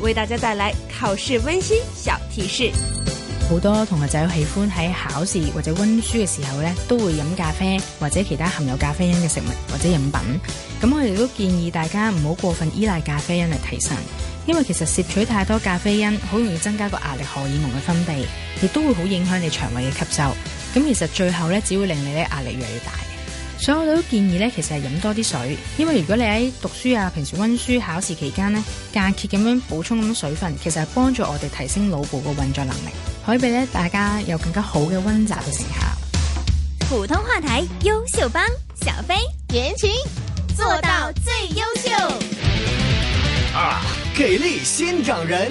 為大家帶來考試溫馨小提示。好多同學仔喜歡喺考試或者溫書嘅時候咧，都會飲咖啡或者其他含有咖啡因嘅食物或者飲品。咁我哋都建議大家唔好過分依賴咖啡因嚟提神，因為其實攝取太多咖啡因，好容易增加個壓力荷爾蒙嘅分泌，亦都會好影響你腸胃嘅吸收。咁其實最後咧，只會令你咧壓力越嚟越大。所以我都建議咧，其實係飲多啲水，因為如果你喺讀書啊、平時溫書、考試期間呢，間歇咁樣補充咁水分，其實係幫助我哋提升腦部個運作能力，可以俾咧大家有更加好嘅溫習嘅成效。普通話台優秀幫小飛言情做到最優秀啊，給力先長人！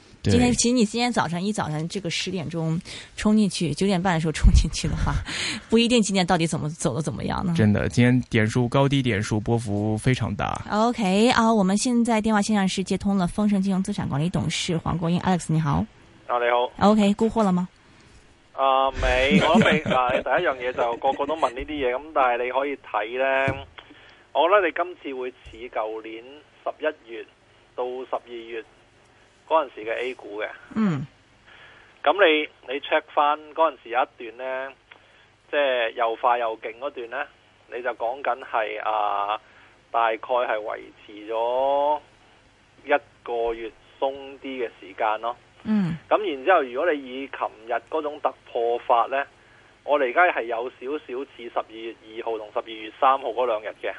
今天其實你今天早上一早上這個十點鐘衝進去，九點半的時候衝進去的話， 不一定今天到底怎麼走得怎麼樣呢？真的，今天點數高低點數波幅非常大。OK 啊，我們現在電話線上是接通了豐盛金融資產管理董事黃國英 Alex，你好。啊，你好。OK，沽貨了嗎？啊，沒，我都未、 啊。第一樣嘢就個個都問呢啲嘢，咁但係你可以睇呢，我覺得你今次會似舊年十一月到十二月。嗰陣時嘅 A 股嘅，嗯，咁你你 check 翻嗰陣時有一段呢，即係又快又勁嗰段呢，你就講緊係啊，大概係維持咗一個月鬆啲嘅時間咯，嗯，咁然之後，如果你以琴日嗰種突破法呢，我哋而家係有少少似十二月二號同十二月三號嗰兩日嘅、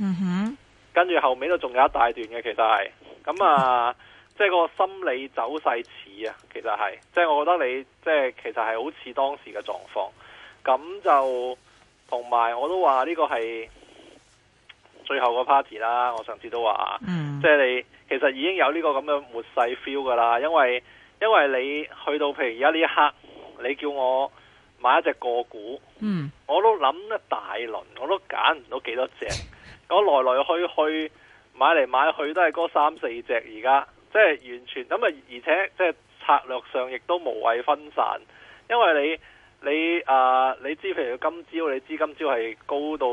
嗯哼，跟住後尾都仲有一大段嘅，其實係咁啊。嗯即係個心理走勢似啊，其實係，即係我覺得你即係其實係好似當時嘅狀況。咁就同埋我都話呢個係最後個 party 啦。我上次都話、嗯，即係你其實已經有呢個咁嘅末世 feel 噶啦，因為因為你去到譬如而家呢一刻，你叫我買一隻個股，我都諗一大輪，我都揀唔到幾多隻。我來來去去買嚟買去都係嗰三四隻，而家。即係完全咁啊！而且即係策略上亦都無謂分散，因為你你啊，你知譬如今朝，你知今朝係高到。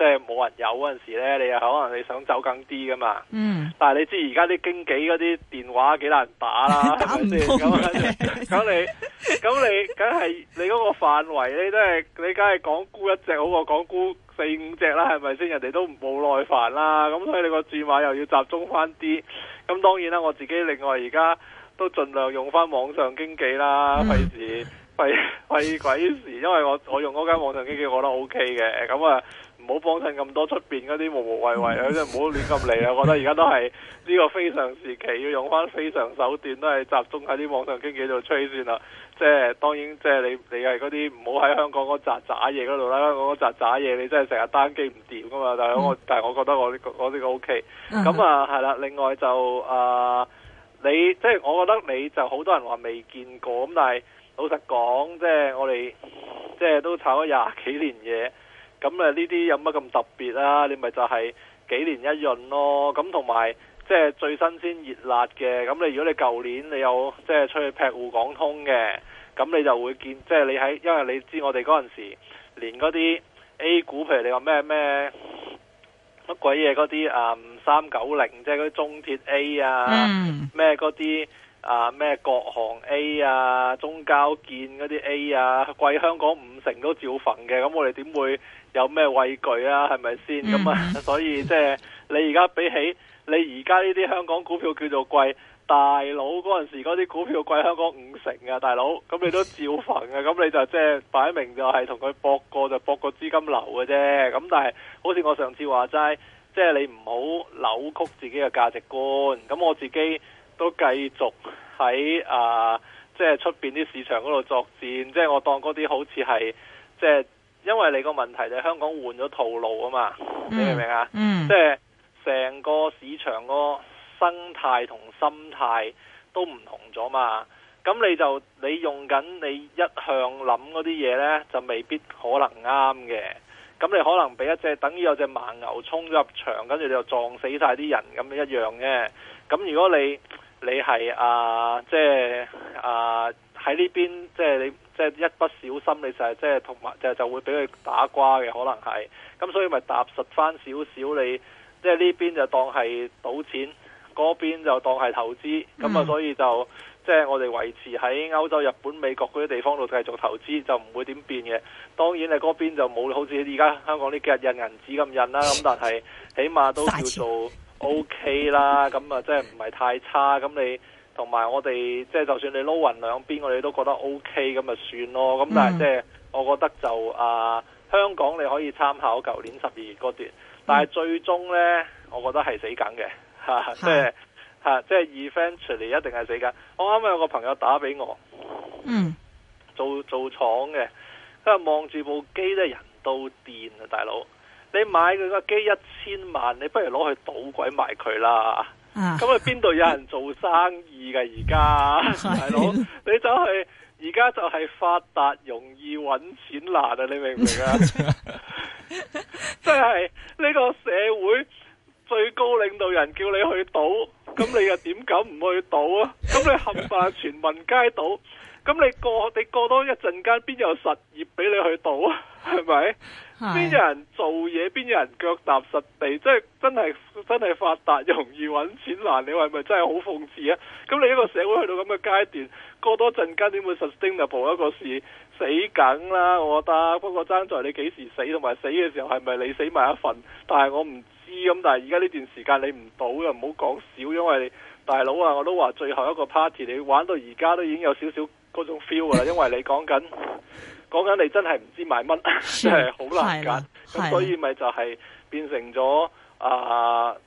即係冇人有嗰陣時呢，你又可能你想走更啲噶嘛？嗯。但係你知而家啲經紀嗰啲電話幾難打啦，係咪先？咁你咁你梗係你嗰個範圍你都係你梗係講估一隻好過講估四五隻啦，係咪先？人哋都唔冇耐煩啦。咁所以你個注碼又要集中翻啲。咁當然啦，我自己另外而家都盡量用翻網上經紀啦，費、嗯、事。費費鬼事，因為我我用嗰間網上經紀，OK 啊， 我覺得 O K 嘅。咁啊，唔好幫襯咁多出邊嗰啲無無謂謂啊，即係唔好亂咁嚟啊。我覺得而家都係呢個非常時期，要用翻非常手段，都係集中喺啲網上經紀度吹先啦。即係當然，即係你你係嗰啲唔好喺香港嗰紮渣嘢嗰度啦。香港嗰扎渣嘢，你真係成日單機唔掂噶嘛。但係我 但係我覺得我呢個我呢個 O K。咁啊係啦，另外就啊、呃、你即係我覺得你就好多人話未見過咁，但係。老實講，即係我哋即係都炒咗廿幾年嘢，咁啊呢啲有乜咁特別啊？你咪就係幾年一潤咯。咁同埋即係最新鮮熱辣嘅。咁你如果你舊年你有即係出去劈滬港通嘅，咁你就會見即係你喺，因為你知我哋嗰陣時連嗰啲 A 股，譬如你話咩咩乜鬼嘢嗰啲啊，三九零即係嗰啲中鐵 A 啊，咩嗰啲。啊咩國航 A 啊、中交建嗰啲 A 啊，貴香港五成都照焚嘅，咁我哋點會有咩畏懼啊？係咪先？咁、mm. 啊，所以即係你而家比起你而家呢啲香港股票叫做貴，大佬嗰陣時嗰啲股票貴香港五成啊，大佬，咁你都照焚啊，咁你就即係擺明就係同佢搏過，就搏個資金流嘅啫。咁但係好似我上次話齋，即係你唔好扭曲自己嘅價值觀。咁我自己。都繼續喺啊，即係出邊啲市場嗰度作戰，即係我當嗰啲好似係，即係因為你個問題就係香港換咗套路啊嘛，嗯、你明唔明啊？即係成個市場個生態同心態都唔同咗嘛，咁你就你用緊你一向諗嗰啲嘢呢，就未必可能啱嘅，咁你可能俾一隻等於有隻盲牛沖咗入場，跟住你就撞死晒啲人咁一樣嘅，咁如果你你係啊、呃，即係啊喺呢邊，即係你即係一不小心，你就係即係同埋就就會俾佢打瓜嘅，可能係咁，所以咪踏實返少少你，即係呢邊就當係賭錢，嗰邊就當係投資，咁、嗯、啊，所以就即係我哋維持喺歐洲、日本、美國嗰啲地方度繼續投資，就唔會點變嘅。當然你嗰邊就冇好似而家香港呢幾日印銀紙咁印啦，咁 但係起碼都叫做。OK 啦，咁啊，即係唔係太差，咁你同埋我哋，即係就算你撈勻兩邊，我哋都覺得 O K，咁咪算咯。咁但係即係，我覺得就、mm. 啊，香港你可以參考舊年十二月嗰段，但係最終呢，我覺得係死梗嘅，即係吓，即係 eventually 一定係死梗。我啱啱有個朋友打俾我，嗯、mm.，做做廠嘅，佢話望住部機呢，人都電啊，大佬。你買佢個機一千萬，你不如攞去賭鬼埋佢啦！咁啊，邊度有人做生意噶而家？大 佬，你走去而家就係發達容易，揾錢難啊！你明唔明啊？即係呢個社會最高領導人叫你去賭，咁你又點敢唔去賭啊？咁你冚唪唥全民皆賭，咁你過你過多一陣間，邊有實業俾你去賭啊？係咪？邊 有人做嘢，邊有人腳踏實地，即係真係真係發達，容易揾錢難。你話係咪真係好諷刺啊？咁你一個社會去到咁嘅階段，過多陣間點會 sustainable 一個事死梗啦！我覺得。不過爭在你幾時死，同埋死嘅時候係咪你死埋一份？但係我唔知咁。但係而家呢段時間你唔到嘅，唔好講少，因為你大佬啊，我都話最後一個 party 你玩到而家都已經有少少。嗰種 feel 啊，因為你講緊講緊你真係唔知買乜，真係好難揀。咁所以咪就係變成咗啊！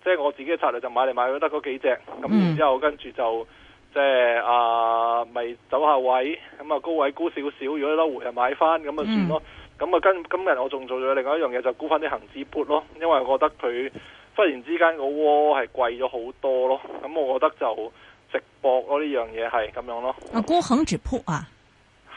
即係、呃就是、我自己嘅策略就買嚟買去都得嗰幾隻。咁、嗯、然之後跟住就即係啊，咪、就是呃、走下位。咁啊高位沽少少，如果一粒回又買翻，咁啊算咯。咁啊，跟今日我仲做咗另外一樣嘢，就沽翻啲恆指撥咯。因為我覺得佢忽然之間個波係貴咗好多咯。咁我覺得就～直播嗰呢樣嘢係咁樣咯。啊，過恒指鋪啊，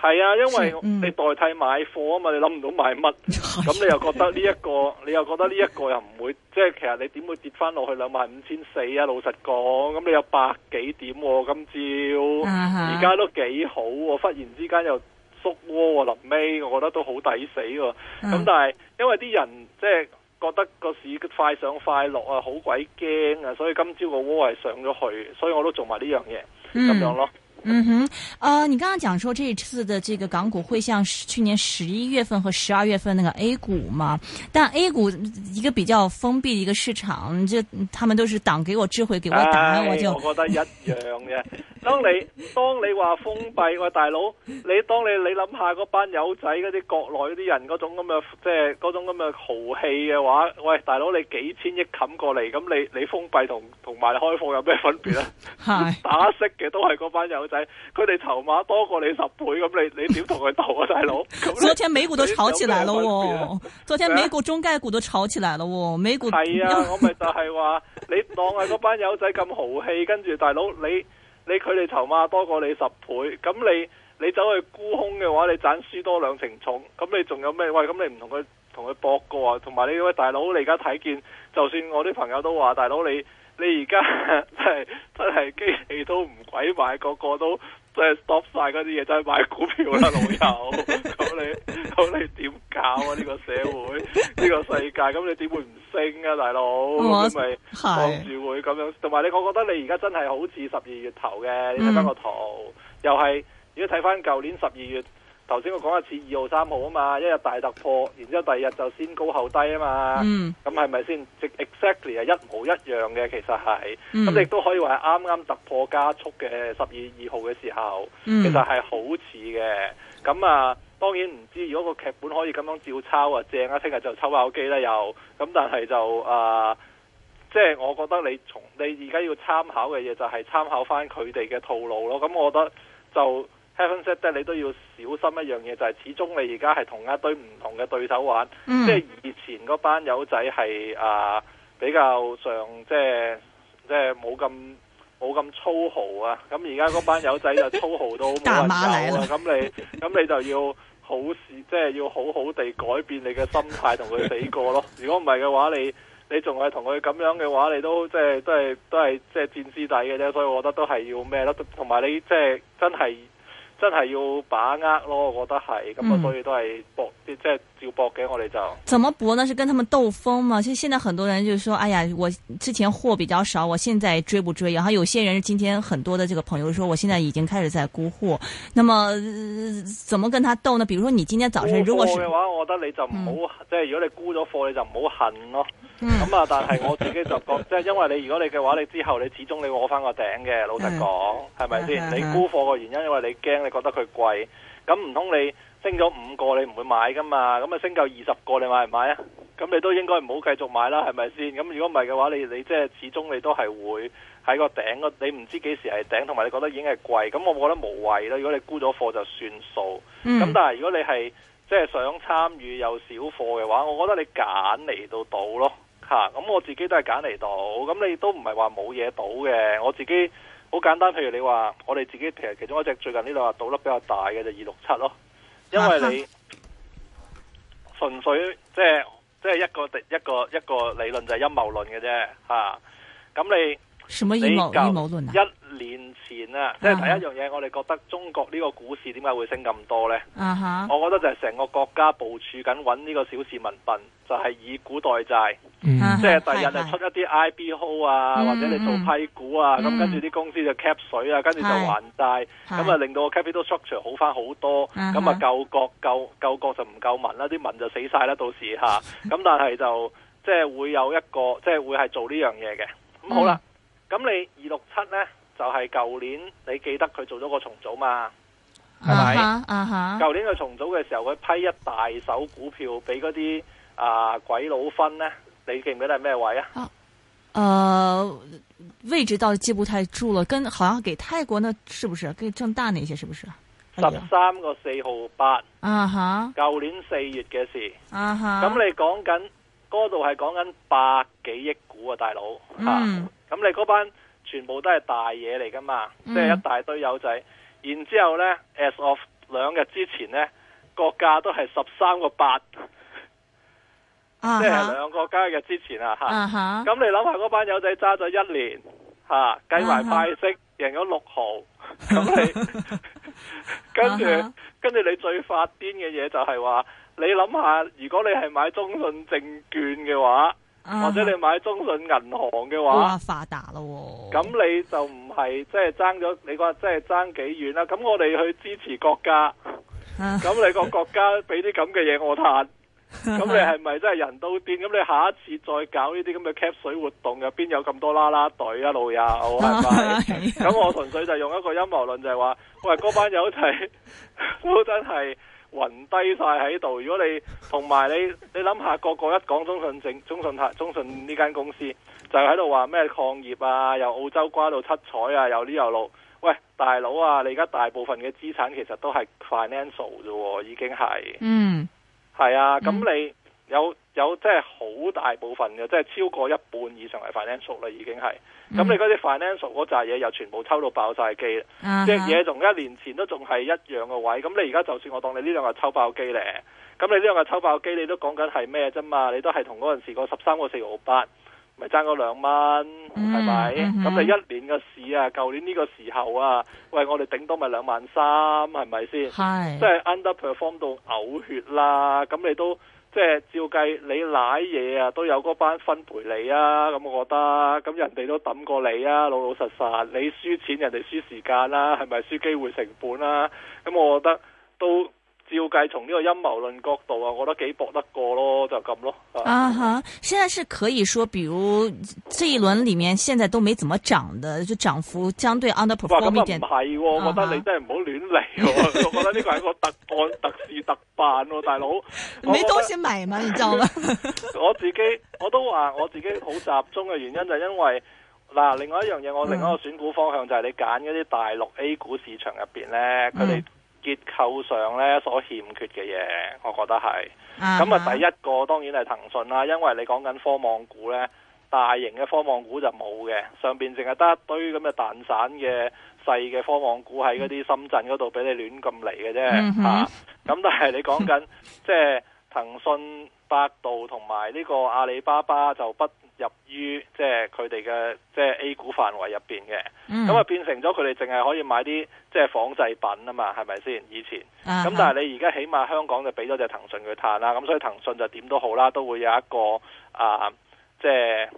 係啊，因為你代替買貨啊嘛，你諗唔到買乜，咁、嗯、你又覺得呢、這、一個，你又覺得呢一個又唔會，即 係其實你點會跌翻落去兩萬五千四啊？老實講，咁你有百幾點喎、啊，今朝而家都幾好喎、啊，忽然之間又縮窩喎、啊，臨尾我覺得都好抵死喎。咁、嗯、但係因為啲人即係。就是覺得個市快上快落啊，好鬼驚啊，所以今朝個窩係上咗去，所以我都做埋呢樣嘢咁樣咯。嗯，嗯哼，啊、呃，你剛剛講說這一次的這個港股會像去年十一月份和十二月份那個 A 股嘛？但 A 股一個比較封閉的一個市場，就他們都是黨給我智慧，給我膽、啊，我就。我覺得一樣嘅。 當你當你話封閉，喂大佬，你當你你諗下嗰班友仔嗰啲國內啲人嗰種咁嘅即係種咁嘅豪氣嘅話，喂大佬你幾千億冚過嚟，咁你你封閉同同埋開放有咩分別咧？係打識嘅都係嗰班友仔，佢哋籌碼多過你十倍，咁你你點同佢鬥啊，大佬？昨天美股都炒起來了喎，昨天美股中概股都炒起來了喎。美股係啊， 我咪就係話你當係嗰班友仔咁豪氣，跟住大佬你。你佢哋籌碼多過你十倍，咁你你走去沽空嘅話，你盞輸多兩成重，咁你仲有咩？喂，咁你唔同佢同佢搏過啊？同埋你呢位大佬，你而家睇見，就算我啲朋友都話，大佬你你而家真係真係機器都唔鬼買，個個都。即係 stop 晒嗰啲嘢，真 係樂買股票啦，老友。咁 你咁你點搞啊？呢、這個社會，呢 個世界，咁你點會唔升啊，大佬？咁咪係，望住會咁樣。同埋你，我覺得你而家真係好似十二月頭嘅。你睇翻個圖，嗯、又係如果睇翻舊年十二月。頭先我講一次二號三號啊嘛，一日大突破，然之後第二日就先高後低啊嘛，咁係咪先？即 exactly 係一模一樣嘅，其實係。咁、嗯、你亦都可以話係啱啱突破加速嘅十二月二號嘅時候，其實係好似嘅。咁、嗯、啊，當然唔知如果個劇本可以咁樣照抄啊，正啊！聽日就抽下手機啦又。咁但係就啊，即、呃、係、就是、我覺得你從你而家要參考嘅嘢就係參考翻佢哋嘅套路咯。咁我覺得就。set d 你都要小心一樣嘢，就係、是、始終你而家係同一堆唔同嘅對手玩，嗯、即係以前嗰班友仔係啊比較上即係即係冇咁冇咁粗豪啊，咁而家嗰班友仔就粗豪到大馬。咁你咁你就要好事 即係要好好地改變你嘅心態同佢比過咯。如果唔係嘅話，你你仲係同佢咁樣嘅話，你都即係都係都係即係戰屍底嘅啫。所以我覺得都係要咩咯？同埋你即係真係。真係要把握咯，我覺得係咁啊，所以都係搏。即係照搏嘅，我哋就。怎麼搏呢？是跟他們鬥風嘛。其實現在很多人就是說，哎呀，我之前貨比較少，我現在追不追？然後有些人今天很多的這個朋友就說，我現在已經開始在沽貨。那麼、呃、怎麼跟他鬥呢？比如說你今天早上沽貨嘅話如果是，我覺得你就唔好、嗯，即係如果你沽咗貨你就唔好恨咯。咁、嗯、啊、嗯，但係我自己就覺得， 即係因為你如果你嘅話，你之後你始終你攞翻個頂嘅，老實講，係咪先？你沽貨嘅原因、哎、因為你驚你覺得佢貴，咁唔通你？升咗五個，你唔會買㗎嘛？咁啊，升夠二十個，你買唔買啊？咁你都應該唔好繼續買啦，係咪先？咁如果唔係嘅話，你你即係始終你都係會喺個頂度，你唔知幾時係頂，同埋你覺得已經係貴，咁我覺得無謂啦。如果你沽咗貨，就算數。咁、嗯、但係如果你係即係想參與有少貨嘅話，我覺得你揀嚟到賭咯嚇。咁、啊、我自己都係揀嚟賭，咁你都唔係話冇嘢賭嘅。我自己好簡單，譬如你話我哋自己其實其中一隻最近呢度話賭得比較大嘅就二六七咯。因為你純粹即係即係一個一個一個理論就係陰謀論嘅啫吓，咁啊你。你近一年前啊，即、啊、係第一樣嘢，我哋覺得中國呢個股市點解會升咁多呢、啊？我覺得就係成個國家部署緊搵呢個小市民笨，就係、是、以股代債。即係第日就是、人出一啲 I B O 啊、嗯，或者你做批股啊，咁、嗯嗯、跟住啲公司就 cap 水啊，跟住就還債，咁、嗯、啊、嗯、令到個 capital structure 好翻好多。咁啊救國救救國就唔救民啦，啲民就死晒啦，到時吓。咁但係就即係、就是、會有一個，即、就、係、是、會係做呢樣嘢嘅。咁好啦。嗯咁你二六七咧，就係舊年你記得佢做咗個重組嘛？係咪？啊哈！舊年佢重組嘅時候，佢批一大手股票俾嗰啲啊鬼佬分咧，你記唔記得係咩位啊？啊，誒，位置到記不太住了，跟好像給泰國，呢是不是？給正大那些是不是？十三個四號八。啊哈！舊年四月嘅事。啊哈！咁你講緊？嗰度係講緊百幾億股啊，大佬吓！咁、嗯啊、你嗰班全部都係大嘢嚟噶嘛？即、嗯、係、就是、一大堆友仔。然之後呢 as of 兩日之前呢，個價都係十三個八，即、就、係、是、兩個加嘅日之前啊！吓、啊，咁、啊、你諗下嗰班友仔揸咗一年吓、啊，計埋派息，啊、贏咗六毫，咁、啊、你、啊 啊、哈 跟住跟住你最發癲嘅嘢就係話。你諗下，如果你係買中信證券嘅話，或者你買中信銀行嘅話，發達啦！咁你就唔係即係爭咗，你話即係爭幾遠啦？咁我哋去支持國家，咁、uh, 你個國家俾啲咁嘅嘢我嘆，咁、uh, 你係咪真係人都癲？咁你下一次再搞呢啲咁嘅 Cap 水活動，入邊有咁多啦啦隊一路呀？係、uh, 咪？咁、uh, 我純粹就用一個陰謀論，就係話，喂，嗰班友就係、都真係。暈低晒喺度，如果你同埋你，你諗下個個一講中信整中信泰中信呢間公司就喺度話咩礦業啊，由澳洲瓜到七彩啊，又呢又路喂。喂，大佬啊，你而家大部分嘅資產其實都係 financial 啫，已經係，嗯，係啊，咁你。嗯有有即係好大部分嘅，即係超過一半以上係 financial 啦，已經係。咁、嗯、你嗰啲 financial 嗰扎嘢又全部抽到爆晒機、嗯，即係嘢同一年前都仲係一樣嘅位。咁你而家就算我當你呢兩日抽爆機嚟，咁你呢兩日抽爆機，你都講緊係咩啫嘛？你都係同嗰陣時個十三個四毫八，咪爭咗兩蚊，係、嗯、咪？咁你一年嘅市啊，舊年呢個時候啊，喂，我哋頂多咪兩萬三，係咪先？即係 underperform 到嘔血啦！咁你都。即係照計，你奶嘢啊，都有嗰班分陪你啊。咁我覺得，咁人哋都抌過你啊，老老實實，你輸錢，人哋輸時間啦、啊，係咪？輸機會成本啦、啊。咁我覺得都。照計從呢個陰謀論角度啊，我覺得幾搏得過咯，就咁咯。啊吓？現在是可以說，比如這一輪裏面，現在都沒怎麼漲的，就漲幅相對 underperform 一點。唔係、哦啊，我覺得你真係唔好亂嚟、哦。 我覺得呢個係一個特案、 特事、特辦喎、啊。大佬。 你多先迷嘛？你就，我自己我都話我自己好集中嘅原因就係因為嗱，另外一樣嘢，我另外一個選股方向就係你揀嗰啲大陸 A 股市場入邊咧，佢、嗯、哋。結構上咧所欠缺嘅嘢，我覺得係。咁啊，第一個當然係騰訊啦，因為你講緊科網股咧，大型嘅科網股就冇嘅，上邊淨係得一堆咁嘅蛋散嘅細嘅科網股喺嗰啲深圳嗰度俾你亂咁嚟嘅啫。嚇、uh -huh. 啊，咁但係你講緊，即 係騰訊、百度同埋呢個阿里巴巴就不。入於即係佢哋嘅即係 A 股範圍入邊嘅，咁、嗯、啊變成咗佢哋淨係可以買啲即係仿製品啊嘛，係咪先？以前咁，啊、但係你而家起碼香港就俾咗隻騰訊佢攤啦，咁所以騰訊就點都好啦，都會有一個啊，即係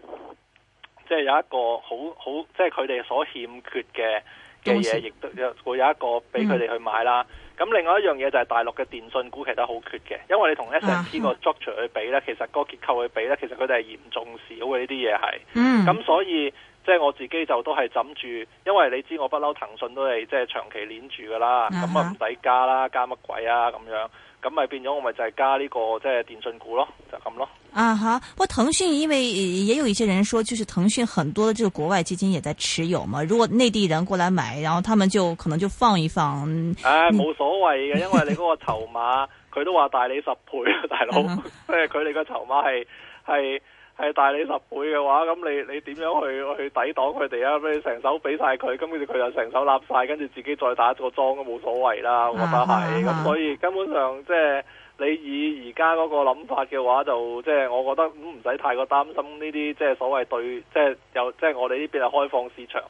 即係有一個好好，即係佢哋所欠缺嘅嘅嘢，亦都有會有一個俾佢哋去買啦。嗯嗯。咁另外一樣嘢就係大陸嘅電信股其實好缺嘅，因為你同 S&P 個 structure 去比咧，其實個結構去比咧，其實佢哋係嚴重少嘅呢啲嘢係，咁所以。即係我自己就都係枕住，因為你知我不嬲騰訊都係即係長期攣住噶啦，咁啊唔使加啦，加乜鬼啊咁樣，咁咪變咗我咪就係加呢、這個即係電信股咯，就咁咯。啊吓？不過騰訊因為也有一些人說，就是騰訊很多嘅就國外基金也在持有嘛。如果內地人過來買，然後他們就可能就放一放。誒、uh -huh.，冇所謂嘅，因為你嗰個籌碼，佢 都話大你十倍，大佬，即係佢哋個籌碼係係。係大你十倍嘅話，咁你你點樣去去抵擋佢哋啊？俾你成手俾晒佢，跟住佢又成手立晒，跟住自己再打一個莊都冇所謂啦，我覺得係，咁 所以根本上即係你以而家嗰個諗法嘅話，就即係我覺得唔使、嗯、太過擔心呢啲，即係所謂對，即係有，即係我哋呢邊係開放市場，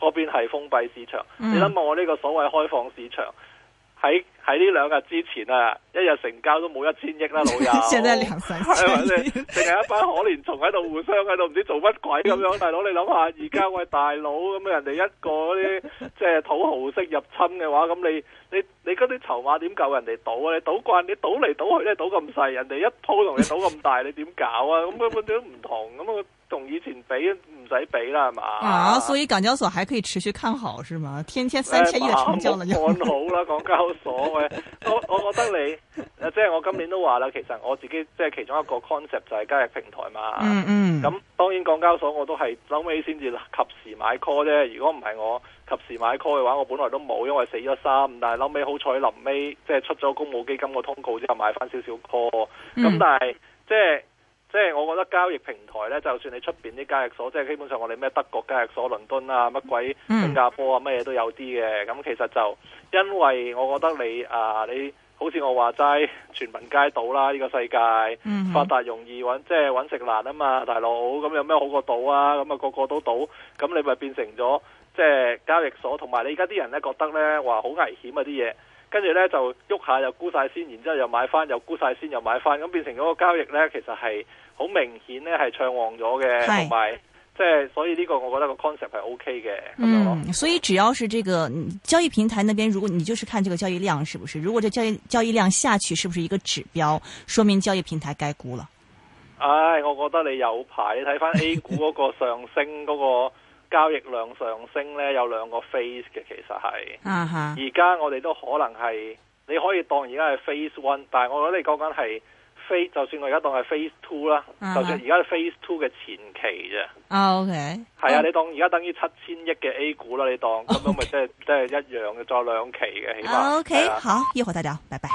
嗰邊係封閉市場。嗯、你諗下，我呢個所謂開放市場。喺喺呢兩日之前啊，一日成交都冇一千億啦，老友，淨 係 一班可憐蟲喺度互相喺度唔知做乜鬼咁樣。 大佬你諗下，而家喂大佬咁樣人哋一個啲即係土豪式入侵嘅話，咁你你你嗰啲籌碼點夠人哋賭啊？你賭慣，你賭嚟賭去都係賭咁細，人哋一鋪同你賭咁大，你點搞啊？咁根本都唔同咁啊！同以前比唔使比啦，係嘛？啊，所以港交所還可以持續看好，是嗎？天天三千億嘅成交，呢、哎、好啦，港交所嘅。 我我覺得你，即、就、係、是、我今年都話啦，其實我自己即係、就是、其中一個 concept 就係交易平台嘛。嗯咁、嗯、當然港交所我都係後尾先至及時買 call 啫。如果唔係我及時買 call 嘅話，我本來都冇，因為死咗三。但係後尾好彩臨尾，即係、就是、出咗公募基金個通告之後買翻少少 call。咁、嗯、但係即係。就是即係我覺得交易平台呢，就算你出面啲交易所，即係基本上我哋咩德國交易所、倫敦啊、乜鬼新加坡啊，乜嘢都有啲嘅。咁其實就因為我覺得你啊，你好似我話齋全民皆賭啦，呢個世界發達容易搵，即係搵食難啊嘛，大佬咁有咩好過賭啊？咁啊個個都賭，咁你咪變成咗即係交易所，同埋你而家啲人呢，覺得呢話好危險啊啲嘢。跟住呢，就喐下又沽晒先，然之後又買翻，又沽晒先又買翻，咁變成嗰個交易呢，其實係好明顯呢，係暢旺咗嘅，同埋即係所以呢個，我覺得個 concept 係 OK 嘅。所以只要是這個交易平台那邊，如果你就是看這個交易量，是不是？如果這交易交易量下去，是不是一個指標，說明交易平台該沽了？唉、哎，我覺得你有排你睇翻 A 股嗰個上升嗰、嗰個。 交易量上升咧，有兩個 phase 嘅，其實係。而家，uh-huh. 我哋都可能係，你可以當而家係 phase one，但係我覺得你講緊係 phase 就算我而家當係 phase two 啦、uh -huh.，就算而家 phase two 嘅前期啫。O K。係啊，你當而家等於七千億嘅 A 股啦，你當、就是，咁都咪即係即係一樣嘅，再兩期嘅起碼。Uh -huh. 啊、o、okay. K，好，葉學代表，拜拜。